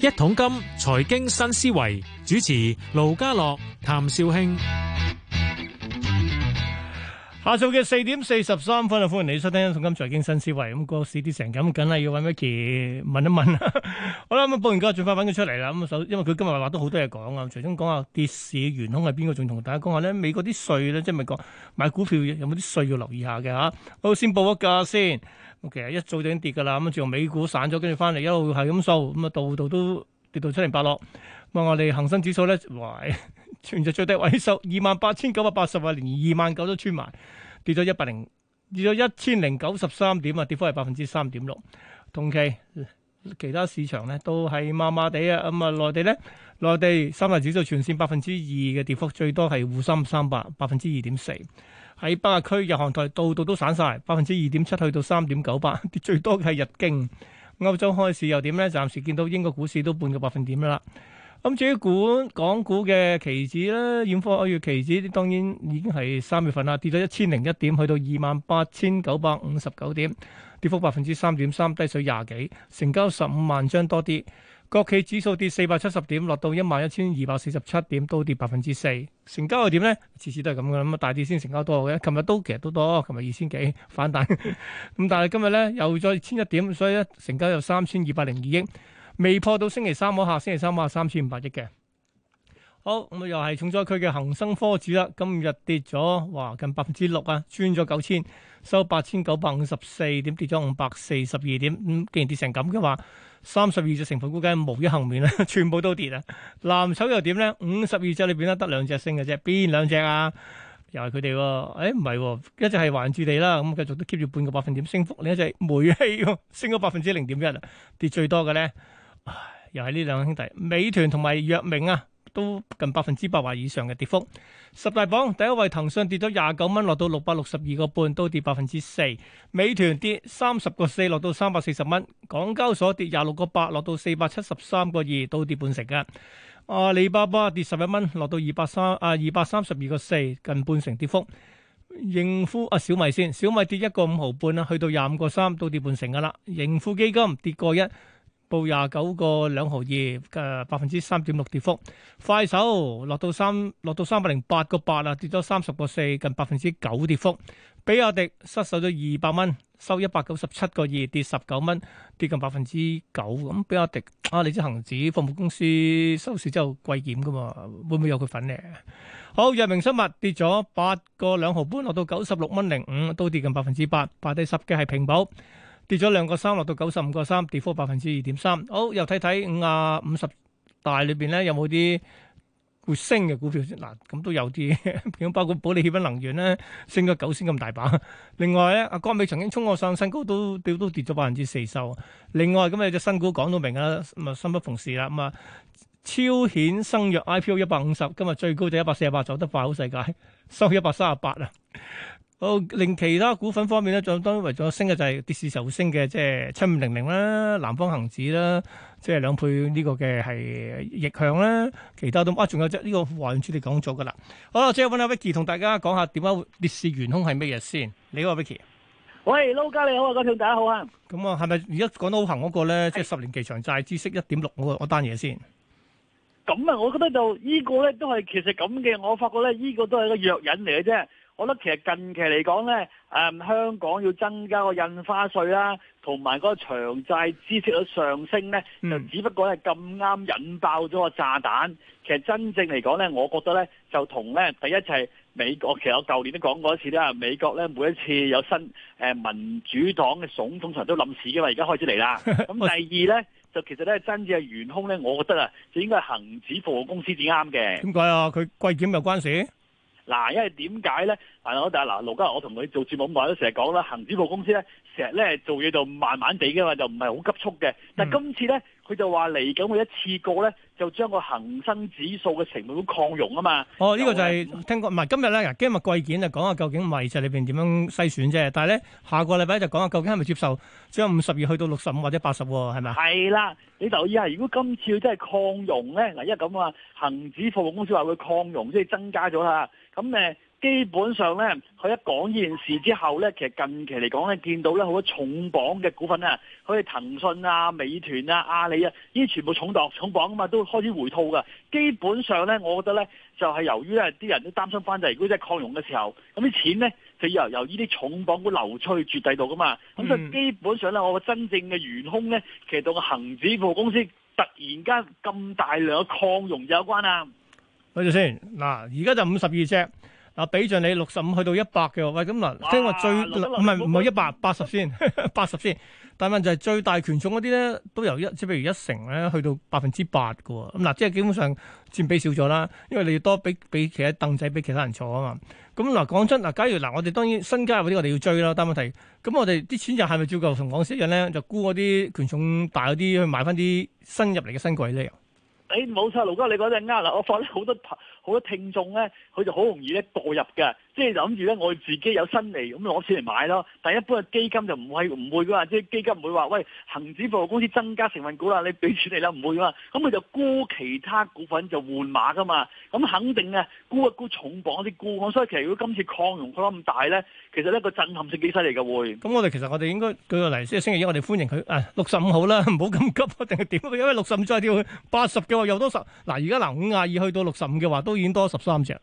一桶金財經新思維主持盧家樂、譚紹興，下晝嘅四點四十三分啊！歡迎你收聽一桶金財經新思維。咁、那個市跌成咁，梗係要揾 Vicky 問一問啦。 好啦，咁啊報完價，盡快揾佢出嚟啦。咁啊，首因為佢今日話都好多嘢講啊，除咗講下跌市嘅元凶係邊個，仲同大家講下咧，美國啲稅咧，即係咪講買股票有冇啲稅要留意下嘅吓？好，先報一個價先。其實，okay, 一早就已經跌噶啦，咁啊，自從美股散咗，跟住翻嚟一路係咁掃，咁啊，度度都跌到七零八落。咁啊，我哋恒生指數咧，哇，全日最低位係二萬八千九百八十啊，28, 80, 連二萬九都穿埋，跌咗一百零，跌咗一千零九十三點啊，跌幅係百分之三點六。同期其他市場咧都係麻麻地啊，咁啊，內地咧，內地三大指數全線百分之二嘅跌幅，最多係滬深三百百分之二點四。喺巴克區日韓台度度都散晒，百分之二點七去到三點九八，跌最多嘅係日經。歐洲開市又點呢？暫時見到英國股市都半個百分點啦。咁至於股港股嘅期指咧，現貨合約期指當然已經係三月份啦，跌咗一千零一點去到二萬八千九百五十九點，跌幅百分之三點三，低水廿幾，成交十五萬張多啲。國企指數跌四百七十點，落到一萬一千二百四十七點，都跌百分之四。成交又點咧？次次都係咁嘅，咁啊大市先成交多嘅。琴日都其實都多，琴日二千幾反彈。咁 但係今日咧又再千一點，所以咧成交有三千二百零二億，未破到星期三嗰下。星期三嗰下係三千五百億嘅。好，咁啊又係重災區嘅恒生科指啦，今日跌咗，哇近百分之六啊，穿咗九千，收八千九百五十四點，跌咗五百四十二點。咁、嗯、既然跌成咁嘅話，三十二隻成分股，梗係無一幸免啦，全部都跌啊！藍籌又點咧？五十二隻裏邊咧，得兩隻升嘅啫，邊兩隻啊？又係佢哋喎？誒、哎，唔係、啊，一隻係環住地啦，咁繼續都 keep 住半個百分點升幅，另一隻煤氣、啊、升咗百分之零點一，跌最多嘅咧、哎，又係呢兩個兄弟，美團同埋藥明啊！都近百分之百或以上嘅跌幅。十大榜第一位騰訊跌咗廿九蚊，落到六百六十二個半，都跌百分之四。美團跌三十個四，落到三百四十蚊。港交所跌廿六個八，落到四百七十三個二，都跌半成㗎。阿里巴巴跌十一蚊，落到二百三啊，二百三十二個四，近半成跌幅。盈富啊，小米先，小米跌一個五毫半啦，去到廿五個三，都跌半成噶啦。盈富基金跌過一。報廿九個兩毫二，誒，百分之三點六跌幅。快手落到三，落到三百零八個八啊，跌咗三十個四，近百分之九跌幅。比亞迪失手咗二百蚊，收一百九十七個二，跌十九蚊，跌近百分之九咁。比亞迪，你知恒指服務公司收市之後貴險噶嘛，會唔會有佢份呢？好，藥明生物跌咗八個兩毫半，落到九十六蚊零五，都跌近百分之八。排第十嘅係平保。跌咗兩個三，落到九十五個三，跌幅百分之二點三。好，又睇睇五啊五十大裏邊咧，有冇啲回升嘅股票？嗱，咁都有啲，咁包括保利、協鑫、能源咧，升咗九仙咁大把。另外咧，阿國美曾經衝過上新高，都都都跌咗百分之四收。另外咁啊，有隻新股講到明啦，咁啊，生不逢時啦。咁啊，超顯生藥 IPO 一百五十，今日最高就一百四十八，走得快好世界，收一百三十八啊。好、哦，另其他股份方面咧，就當然為咗升嘅就係跌市受升嘅，即係七五零零啦，南方恒指啦，即係兩倍呢個嘅係逆向啦，其他都沒有啊，仲有即呢個華源珠你講咗噶啦。好啦，即係揾阿 Vicky 同大家講下點解跌市元凶係咩嘢先？你好，Vicky，喂，老嘉你好啊，各位大家好啊。咁啊、嗯，係咪而家講得好行嗰個咧，是即係十年期長債孳息一點六嗰個單嘢、那個那個、先？咁啊，我覺得就呢個咧都係其實咁嘅，我發覺咧呢個都係個藥引嚟嘅啫。我覺得其實近期嚟講咧、嗯，香港要增加個印花稅啦、啊，同埋個長債孳息率上升咧，就只不過係咁啱引爆咗個炸彈。其實真正嚟講咧，我覺得咧就同咧第一，係美國，其實我舊年都講過一次啦，美國咧每一次有新、呃、民主黨嘅總統，都冧市嘅嘛，而家開始嚟啦。咁第二咧 就其實咧真正係元兇咧，我覺得啊，就應該係恒指服務公司至啱嘅。點解啊？佢貴檢有關事？嗱，因為點解咧？嗱，我哋啊，嗱，盧嘉豪，我同佢做節目咁耐都成日講啦，恒指部公司咧，成日咧做嘢就慢慢地嘅嘛，就唔係好急促嘅，但係今次咧。佢就話嚟緊佢一次過咧，就將個恒生指數嘅成分都擴容啊嘛！哦，呢就個就係聽過，唔係今日咧，今日季檢就講下究竟賣售裏邊點樣篩選啫。但係咧，下個禮拜就講下究竟係咪接受將五十二去到六十五或者八十喎？係咪啊？係啦，你留意下，如果今次佢真係擴容咧，嗱，因為咁啊，恒指服務公司話佢擴容，即係增加咗啦，咁誒。基本上咧，佢一講呢件事之後咧，其實近期嚟講咧，見到咧好多重磅嘅股份啊，好似騰訊啊、美團啊、阿里啊，依啲全部重磅重磅啊嘛，都開始回吐噶。基本上咧，我覺得咧就係由於咧啲人都擔心翻，就係如果係擴容嘅時候，咁啲錢咧就要由由呢啲重磅股流出去絕地度噶嘛。咁所以基本上咧，我個真正嘅元兇咧，其實同個恆指服務公司突然間咁大量嘅擴容有關啊。睇住先嗱，而家就五十二隻。啊，俾著你六十五去到一百嘅，喂，咁嗱，哇聽話最唔係唔係一百八十先， 八十先，但問題就係最大權重嗰啲咧，都由一即係譬如一成咧，去到百分之八㗎喎，咁嗱，即係基本上佔比少咗啦，因為你要多俾俾其他凳仔俾其他人坐啊嘛，咁嗱講真嗱，假如嗱我哋當然新加入嗰啲我哋要追啦，但問題咁我哋啲錢又係咪照舊同講一樣咧？就沽嗰啲權重大嗰啲去買翻啲新入嚟嘅新貴咧？誒冇、哎、錯，盧哥你嗰隻啱啦，我放咗好多好多聽眾咧，佢就好容易咧墮入嘅，即係諗住咧，我哋自己有新利咁攞錢嚟買咯。但係一般嘅基金就唔係唔會㗎嘛，即係基金唔會話喂，恒指服務公司增加成分股啦，你俾錢你啦，唔會㗎嘛。咁佢就沽其他股份就換碼㗎嘛。咁肯定啊，沽一沽，沽重磅啲股。所以其實如果今次擴容擴得咁大咧，其實咧個震撼性幾犀利嘅會。咁我哋其實我哋應該舉個例，即係星期一我哋歡迎佢誒六十五好啦，唔好咁急定係點？因為六十五再跳去八十嘅話又多十。嗱而家嗱五呀二去到六十五嘅話都。已經多咗十三隻啦，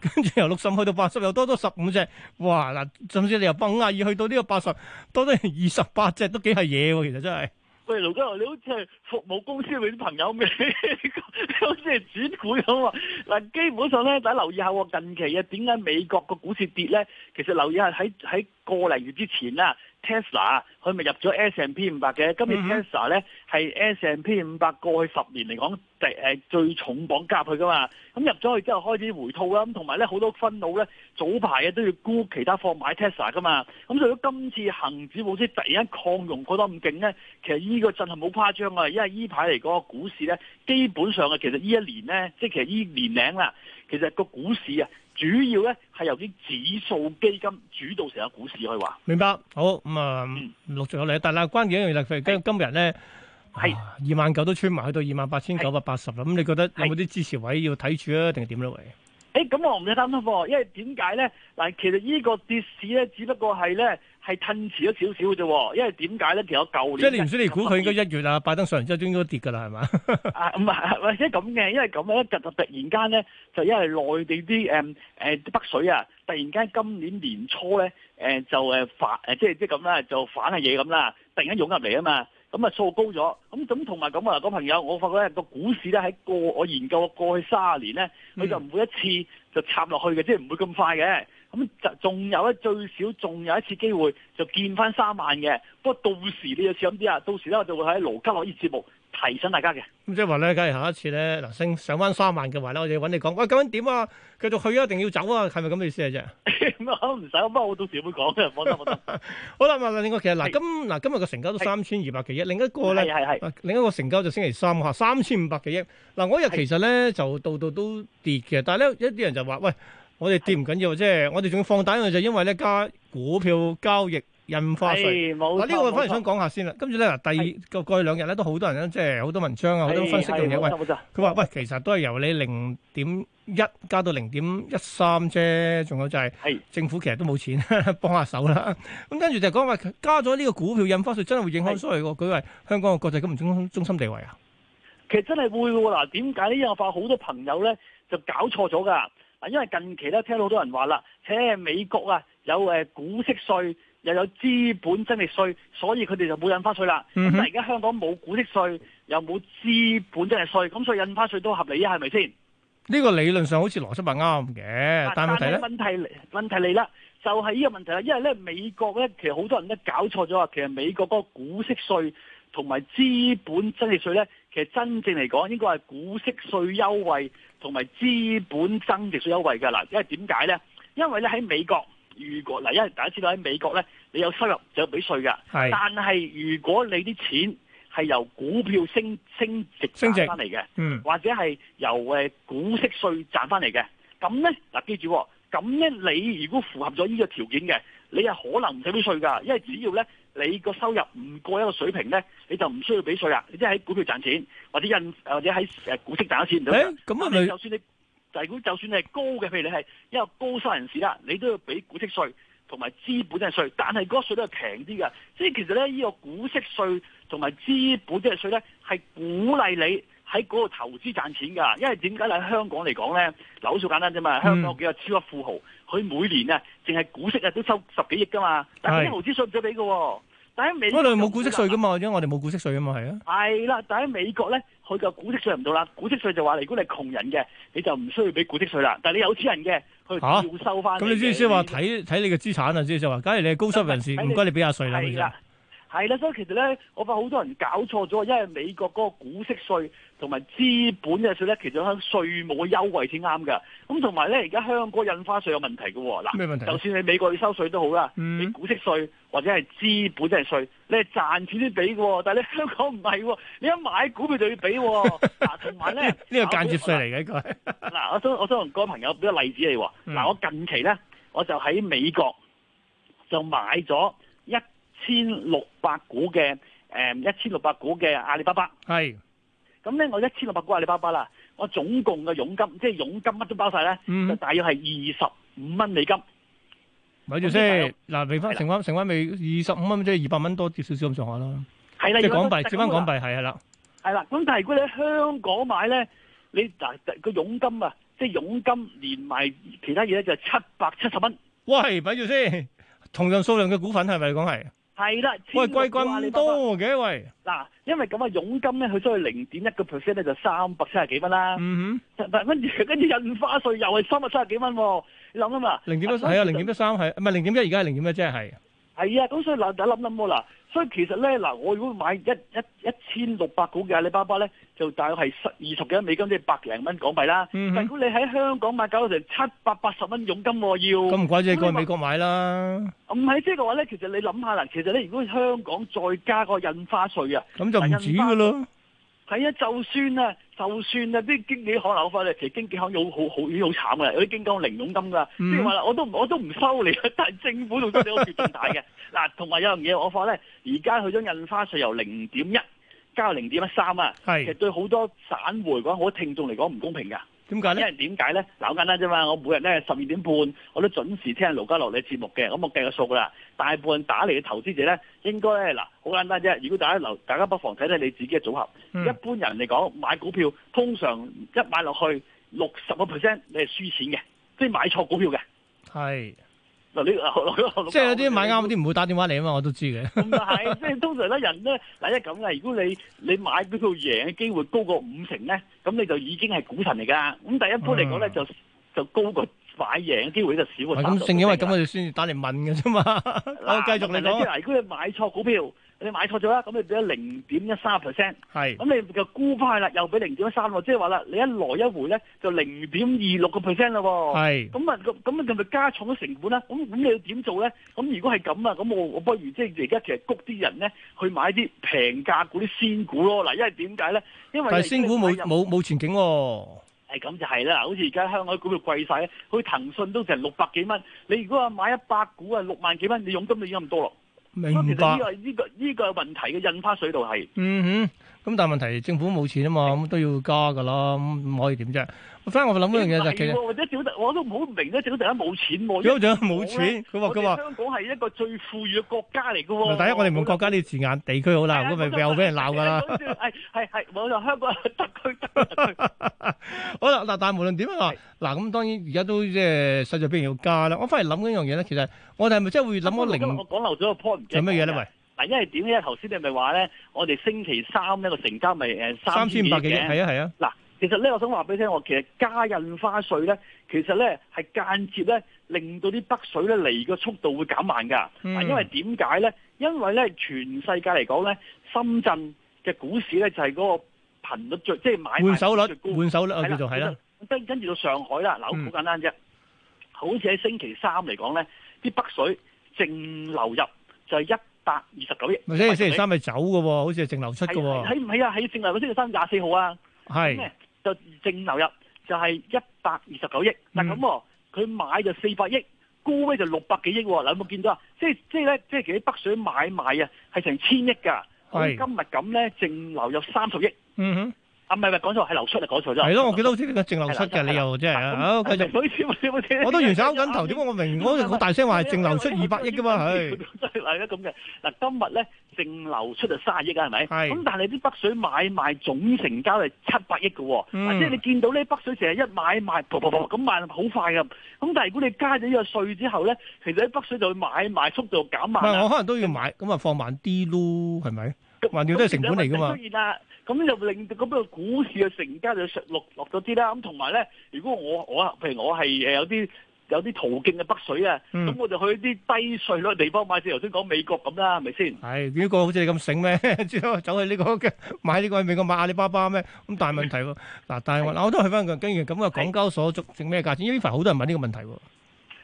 跟住由六十去到八十，又多咗十五隻，哇嗱！甚至你由百五廿二去到呢個八十，多咗二十八隻都幾係嘢喎，其實真係。喂，盧君豪，你好似係服務公司畀啲朋友咩？你好似係轉股咁話。嗱，基本上咧，大家留意下喎，近期啊，點解美國個股市跌咧？其實留意下喺喺個零月之前啦。Tesla 佢咪入咗 S&P 五百嘅，今年 Tesla 咧係 S&P 五百過去十年嚟講第誒最重磅夾佢噶嘛，咁入咗去之後開始回吐啦，咁同埋咧好多分號咧早排啊都要沽其他貨買 Tesla 噶嘛，咁所以今次恒指冇先突然間擴容過得咁勁咧，其實依個震係冇誇張啊，因為依排嚟講股呢呢個股市咧基本上啊其實呢一年咧即係其實依年頂啦，其實個股市啊。主要咧係由啲指數基金主導成個股市去話，明白好咁啊，陸續有嚟。但係關鍵一樣就係今今日咧係二萬九都穿埋去到二萬八千九百八十啦。咁是、嗯、你覺得有冇啲支持位要睇住啊？定係點咯？喂、欸，誒咁我唔使擔心噃，因為點解咧？嗱，其實呢個跌市咧，只不過係咧。係褪遲咗少少嘅啫，因為點解咧？其實舊年即係你唔使你估，佢應該一月啊，跌拜登上完之後應該應該跌㗎啦，係嘛？ 啊唔係或者咁嘅，因為咁咧，突然間咧，就因為內地啲誒誒啲北水啊，突然間今年年初咧、呃呃，就反即係即係咁啦，就反下嘢咁啦，突然間湧入嚟啊嘛，咁啊燥高咗，咁咁同埋咁啊，個朋友，我發覺咧個股市咧喺過我研究過去卅年咧，佢就唔會一次就插落去嘅，嗯、即係唔會咁快嘅。咁就仲有咧，最少仲有一次機會就見翻三萬嘅。不過到時你要小心啲啊！到時咧我就會喺羅吉樂呢節目提醒大家嘅。咁即係話咧，假如下一次咧嗱升上翻三萬嘅話咧，我哋揾你講喂，究竟點啊？繼續去一定要走啊？係咪咁嘅意思啊？啫 唔唔使，不過我到時會講嘅，放心 好啦，咁另外其實嗱是，今嗱今日嘅成交都三千二百幾億，另一個咧，係係另一個成交就星期三嚇三千五百幾億。嗱，嗰日其實咧是就度度都跌嘅，但係咧一啲人就話喂。我哋跌唔緊要，即係我哋仲要放大一樣就因為咧加股票交易印花稅。嗱呢個我反而想講下先啦。跟住咧，第二個過去兩日咧都好多人咧，即係好多文章啊，好多分析嘅嘢。喂，佢話喂，其實都係由你零點一加到零點一三啫，仲有就係政府其實都冇錢幫下手啦。咁跟住就講話加咗呢個股票印花稅，真係會影響所嘅。佢話香港嘅國際金融中心中心地位啊，其實真係會嗱。點解呢？因為我發現好多朋友咧就搞錯咗噶？嗱，因為近期咧，聽到好多人話啦，誒，美國啊，有誒股息稅，又有資本增值稅，所以佢哋就冇印花稅啦。咁、嗯、哼 但而家香港冇股息稅，又冇資本增值稅，咁所以印花稅都合理啊，係咪先？呢個理論上好似邏輯係啱嘅，但係問題呢問題嚟啦，就係、是、呢個問題啦。因為咧，美國咧，其實好多人都搞錯咗啊。其實美國嗰個股息稅同埋資本增值稅咧。其實真正嚟講，應該係股息稅優惠同埋資本增值稅優惠嘅啦。因為點解咧？因為咧喺美國，如果嗱，因為大家知道喺美國咧，你有收入就有俾稅嘅。係是，但係如果你啲錢係由股票升升值賺翻嚟嘅，值嗯，或者係由誒股息稅賺翻嚟嘅，咁咧嗱，記住，咁咧你如果符合咗呢個條件嘅，你係可能唔使俾稅㗎，因為只要咧。你個收入唔過一個水平咧，你就唔需要俾稅啦。你即係喺股票賺錢，或者印或者喺股息賺咗錢，唔使、欸。咁啊，你就算你就係股，就算你係高嘅，譬如你係一個高薪人士啦，你都要俾股息稅同埋資本嘅稅。但係嗰個稅都係平啲㗎。即係其實咧，呢、呢個股息稅同埋資本嘅稅咧，係鼓勵你喺嗰度投資賺錢㗎。因為點解咧？喺香港嚟講咧，樓少簡單啫嘛。香港幾個超級富豪，佢、嗯、每年啊，淨係股息啊都收十幾億㗎嘛，但係啲毫紙稅唔使俾嘅。但喺美國、啊，我哋冇股息稅噶嘛，因為我哋冇股息稅啊嘛，係啊。係啦，但喺美國咧，佢個股息稅唔到啦。股息稅就話，如果你係窮人嘅，你就唔需要俾股息稅啦。但你有錢人嘅，佢就要收翻。咁、啊、你即係先話睇睇你嘅資產啊，即係就話，假如你係高收入人士，唔該你俾下稅啦。了係啦，所以其實咧，我發現好多人搞錯咗，因為美國嗰個股息稅同埋資本嘅稅咧，其實喺稅務嘅優惠先啱嘅。咁同埋咧，而家香港印花稅有問題嘅喎，嗱，咩問題？就算你美國要收稅都好啦，嗯、你股息稅或者係資本嘅稅，你係賺錢先俾，但係你香港唔係，你一買股票就要俾。嗱， 同埋咧，呢個間接稅嚟嘅呢個。嗱想， 我想我想同各位朋友俾個例子你喎。嗱、嗯，我近期咧，我就喺美國就買咗。千六百股嘅誒，一千六百股嘅阿里巴巴係，咁咧是我一千六百股的阿里巴巴啦，我總共嘅佣金，即係佣金乜都包晒咧，嗯、就大約係二十五蚊美金。咪住先，嗱，未翻的成翻成翻未？二十五蚊即係二百蚊多少少咁上下啦。係啦的，即係港幣，折翻港幣係係啦。係啦，咁但係如果你喺香港買咧，你嗱個佣金啊，即係佣金連埋其他嘢咧，就係七百七十蚊。喂，咪住先，同樣數量嘅股份係咪講係？係啦，是喂，貴咁多嘅喂，嗱，因為咁啊，佣金咧，佢所以零點一個 percent 咧，就三百七十幾蚊啦。嗯哼，但跟住跟住印花稅又係三百七十幾蚊，你諗啊嘛？零點一係啊，零點一三係，唔係零點一而家係零點一即係係。係啊，咁所以嗱，大家諗諗喎嗱，所以其實咧嗱，我如果買一一一千六百股嘅阿里巴巴咧，就大約係十二十幾蚊美金，即係百零蚊港幣啦。嗯、哼但如果你喺香港買，搞到成七百八十蚊佣金喎，要咁唔怪之去美國買啦。唔係即係嘅話咧，其實你諗下啦，其實咧如果香港再加個印花稅啊，咁就唔止㗎咯。係啊，就算啊。就算啊啲經紀行攞翻咧，其實經紀行好好好已經好慘噶，有啲經紀零佣金噶，即係話啦，我都我都唔收你，但係政府度都你我決定大嘅。嗱， 同埋有樣嘢我發咧，而家去咗印花稅由零點一加到零點一三啊，是其實對好多散戶講，好多聽眾嚟講唔公平㗎。點解咧？為呢因為點解咧？嗱，好簡單啫嘛！我每日咧十二點半我都準時聽盧家樂你節目嘅，咁我計個數啦。大半打嚟嘅投資者咧，應該咧嗱，好簡單啫。如果大家留，大家不妨睇睇你自己嘅組合。嗯、一般人嚟講買股票，通常一買落去六十個 percent，你係輸錢嘅，即、就、係、是、買錯股票嘅。係。即係有啲買啱啲唔會打電話嚟啊嘛，我都知嘅。咁係，即係通常咧人咧，嗱，一係咁嘅。如果你你買邊度贏嘅機會高過五成咧，咁你就已經係股神嚟㗎。咁第一波嚟講咧，嗯、就就高過買贏嘅機會就少過了。咁正因為咁，我哋先打嚟問嘅啫嘛。 我繼續嚟講。嗱是，如果你買錯股票。你買錯咗啦，咁你俾咗零點一三 percent，係，咁是你就沽翻去啦，又俾零點一三，即係話啦，你一來一回咧就零點二六個 percent 咯，係，咁啊是，咁咁你係咪加重咗成本啦，咁咁你要點做咧？咁如果係咁啊，咁我我不如即係而家其實谷啲人咧去買啲平價股、啲仙股咯。嗱，因為點解咧？因為仙股冇冇冇前景、哦。係咁，哎、就係啦，好似而家香港股票貴晒，好似騰訊都成六百幾蚊，你如果話買一百股啊六萬幾蚊，你佣金你已經咁多咯。明白。其實呢個,、這個，呢個，呢個問題嘅印花水道係嗯哼。咁但係問題政府冇錢啊嘛，咁都要加㗎啦，咁唔可以點啫？返嚟我諗一樣嘢就係其實，或者我都唔好明啦，小迪冇錢喎。小迪冇錢，佢話佢話香港係一個最富裕嘅國家嚟嘅喎。第一，我哋唔用國家呢啲字眼，地區好啦，咁咪又俾人鬧㗎啦。係係係，我就、哎、香港特區。特區 好啦，嗱，但係無論點樣話，嗱咁的當然而家都即係勢在必然要加啦。我返嚟諗嗰樣嘢咧，其實我哋係咪真係會諗我零？我講漏咗個 point，有乜嘢咧？喂？嗱，因為點咧？頭先你咪話咧，我哋星期三呢個成交咪三千五百幾億，係啊係啊。嗱、啊，其實咧，我想話俾你聽，我其實加印花稅咧，其實咧係間接咧，令到啲北水咧嚟嘅速度會減慢㗎、嗯。因為點解咧？因為咧，全世界嚟講咧，深圳嘅股市咧就係、是、嗰個頻率最即係、就是、買賣換手率換換手率係啦，啦了。啊、跟跟住到上海啦，嗱、嗯，嗯、好簡單啫。好似喺星期三嚟講咧，啲北水淨流入就係一。百二十九億，咪先星期三咪走嘅，好似係淨流出嘅喎。係唔係啊？係淨流入星期三廿四號啊。係就淨流入就係一百二十九億。但咁啊，佢買就四百億，沽就六百幾億。嗱，有冇見到啊？即係即係咧，即係啲北水買賣啊，係成千億噶。咁今日咁咧，淨流入三十億。嗯哼。啊，唔係唔係，講錯係流出嚟，講錯咗。係咯，我記得好似啲淨流出嘅，你又即係，好繼續。我都完全拗緊頭，點解我明我好大聲話係淨流出二百億㗎嘛？係。真係咁嘅。嗱，今日咧淨流出就卅億啊，係咪？咁但係啲北水買賣總成交係七百億㗎喎，即係你見到呢北水成日一買賣，噃咁賣好快㗎。咁但係如果你加咗呢個稅之後咧，其實喺北水就會買賣速度減慢。係我可能都要買，咁啊放慢啲咯，係咪？橫掂都係成本嚟㗎嘛。嗯咁又令到咁個股市嘅成交就上落落咗啲啦，咁同埋咧，如果我我譬如我係誒有啲有啲途徑嘅北水啊，咁、嗯、我就去啲低稅率地方買，似頭先講美國咁啦，係咪先？係如果好似你咁醒咩？走去呢個嘅買呢個美國，去、呢個、買，個去美國買阿里巴巴咩？咁大問題喎！嗱，但係我都去翻佢。經驗咁啊，港交所捉整咩價錢？因為凡好多人都問呢個問題喎。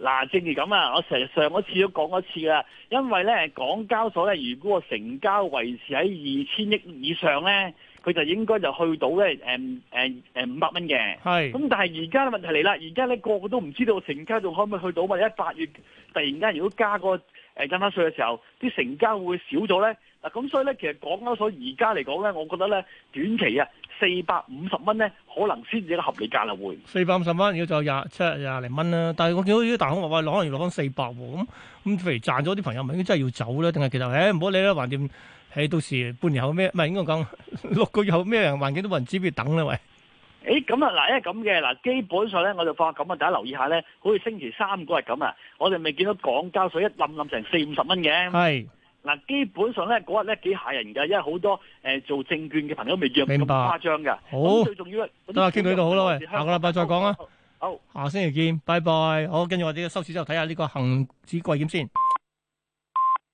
嗱，正如咁啊，我成上次過一次都講一次啦。因為咧，港交所咧，如果個成交維持喺二千億以上咧，佢就應該就去到咧，誒誒誒五百蚊嘅。係、嗯。咁、嗯、是但係而家嘅問題嚟啦，而家咧個個都唔知道成交仲可唔可以去到嘛？一八月突然間如果加個誒印花稅嘅時候，啲成交會，會少咗咧。嗱，咁所以咧，其實港交所而家嚟講咧，我覺得咧短期啊。四百五十蚊咧，可能先至一個合理價啦，會。四百五十蚊如果就廿七廿廿零蚊啦，但係我見到啲大行話攞完落翻四百喎，咁咁譬如賺咗啲朋友咪應該真係要走咧，定係其實誒唔好理啦，橫掂誒到時半年後咩？唔係應該講六個月後咩，環境都冇人知，不如等啦喂。誒咁啊嗱，因為咁嘅嗱，基本上咧我就發咁啊，大家留意下咧，好似星期三嗰日咁啊，我哋未見到港交所一冧冧成四五十蚊嘅。係。嗱，基本上咧嗰日咧幾嚇人㗎，因為好多誒做證券嘅朋友未約，明白，咁誇張㗎。好，最重要啊，傾到呢度好啦，喂、欸，下，下個禮拜再講啦。好，好，下星期見，拜拜。好、哦，跟住我哋收市之後睇下呢個恆指貴險先。